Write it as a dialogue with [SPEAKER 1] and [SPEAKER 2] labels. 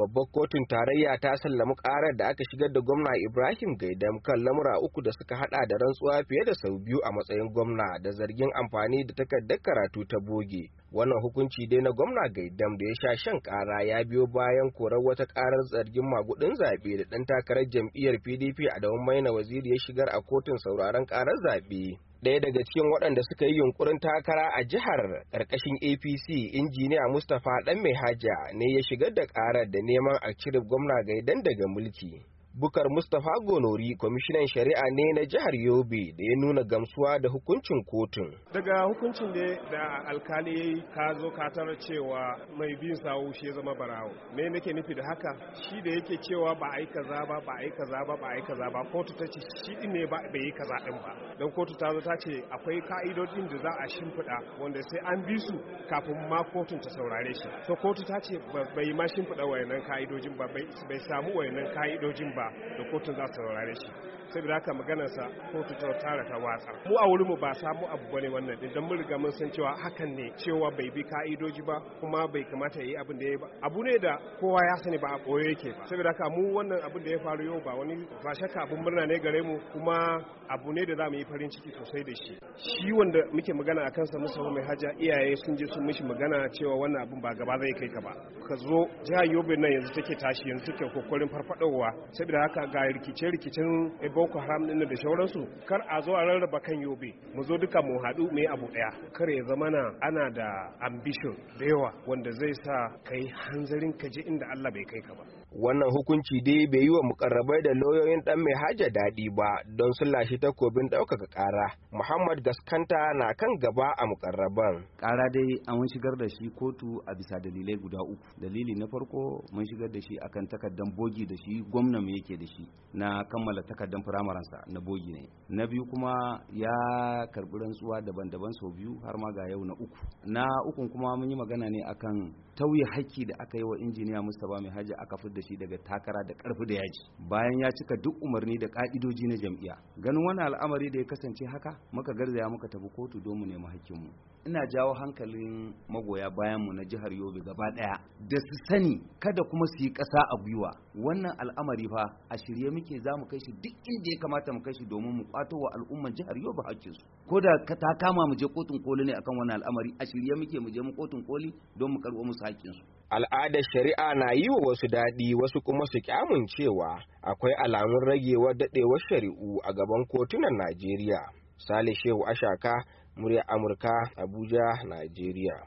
[SPEAKER 1] babbar kotun tarayya ta sallami karar da aka shigar da gwamna ibrahim gaidam kan lamura uku da suka hada da rantsuwa fiye da sau biyu a matsayin gwamna da zargin amfani da takardar karatu ta boge wannan hukunci dai na gwamna gaidam da ya sha shan kara ya biyo bayan korar wata karar zargin magudin zaɓe da ɗan takarar jam'iyyar pdp a maina waziri ya shigar a kotun sauraron karar zaɓe Daya daga cikin waɗanda suka yi yunkurin takara a jihar ƙarƙashin apc injiniya mustapha ɗan mai haja ne ya shigar da ƙarar da neman a cire gwamna gaidan daga mulki Bukar Mustapha Gonori kwamishinan shari'a ne na jihar Yobe da ya nuna gamsuwa da hukuncin kotun.
[SPEAKER 2] Daga hukuncin ne da alkali ya yi ka zo ka tara cewa mai bin sawu shi ya zama barawo. Me nake nufi da haka? Shi da yake cewa ba a yi kaza ba ba a yi kaza ba ba a yi kaza ba kotu ta ce shi din ne bai yi kaza din ba. Don kotu ta zo ta ce akwai ka'idodin da za a shimfiɗa wanda sai an bi su kafin ma kotun ta saurare shi. To kotu ta ce bai ma shimfiɗa wayannan ka'idojin ba bai samu wayannan ka'idojin ba. ba da kotun za su saurare shi saboda haka maganarsa kotu ta tara ta watsa mu a wurinmu ba samu abu bane wannan idan mun riga mun san cewa hakan ne cewa bai bi ka'idoji ba kuma bai kamata yayi abin da yayi ba abu ne da kowa ya sani ba a koyo yake ba saboda haka mu wannan abin da ya faru yau ba wani ba shakka abin murna ne gare mu kuma abu ne da zamu yi farin ciki sosai da shi shi wanda muke magana akan sa musa mai haja iyaye sun je sun mishi magana cewa wannan abin ba gaba zai kai ka ba ka zo jihar yobe nan yanzu take tashi yanzu take kokarin farfadowa saboda haka ga rikice-rikicen boko haram din da shauransu kar a zo a rarraba kan yobe mu zo duka mu haɗu mai abu ɗaya kar ya zama na ana da ambition da yawa wanda zai sa kai hanzarin ka je inda Allah bai kai ka ba
[SPEAKER 1] wannan hukunci dai bai yi wa mukarrabai da lauyoyin dan mai haja daɗi ba don sun lashe takobin ɗaukaka ƙara muhammad gaskanta na kan gaba a mukarraban
[SPEAKER 3] ƙara dai an shigar da shi kotu a bisa dalilai guda uku dalili na farko mun shigar da shi akan takardan bogi da shi gwamnan yake da shi na kammala takardan firamaransa na bogi ne na biyu kuma ya karbi rantsuwa daban-daban sau biyu har ma ga yau na uku na ukun kuma mun yi magana ne akan tauye haƙƙi da aka yi wa injiniya mustapha mai haji aka da shi daga takara da karfi da yaji bayan ya cika duk umarni da ka'idoji na jam'iyya ganin wani al'amari da ya kasance haka muka garzaya muka tafi kotu don mu nemi haƙƙinmu ina jawo hankalin magoya bayan mu na jihar yobe gaba ɗaya da su sani kada kuma su yi ƙasa a gwiwa wannan al'amari fa a shirye muke za mu kai shi duk da ya kamata mu kai shi domin mu kwato wa al'ummar jihar Yobe hakkin su ko da ka ta kama mu je kotun koli ne akan wannan al'amari a shirye muke mu je mu kotun koli don mu karbo musu hakkin su
[SPEAKER 1] al'adar shari'a na yi wa wasu daɗi wasu kuma su kyamun cewa akwai alamun ragewar dadewar shari'u a gaban kotunan Najeriya Sale Shehu Ashaka murya Amurka Abuja Najeriya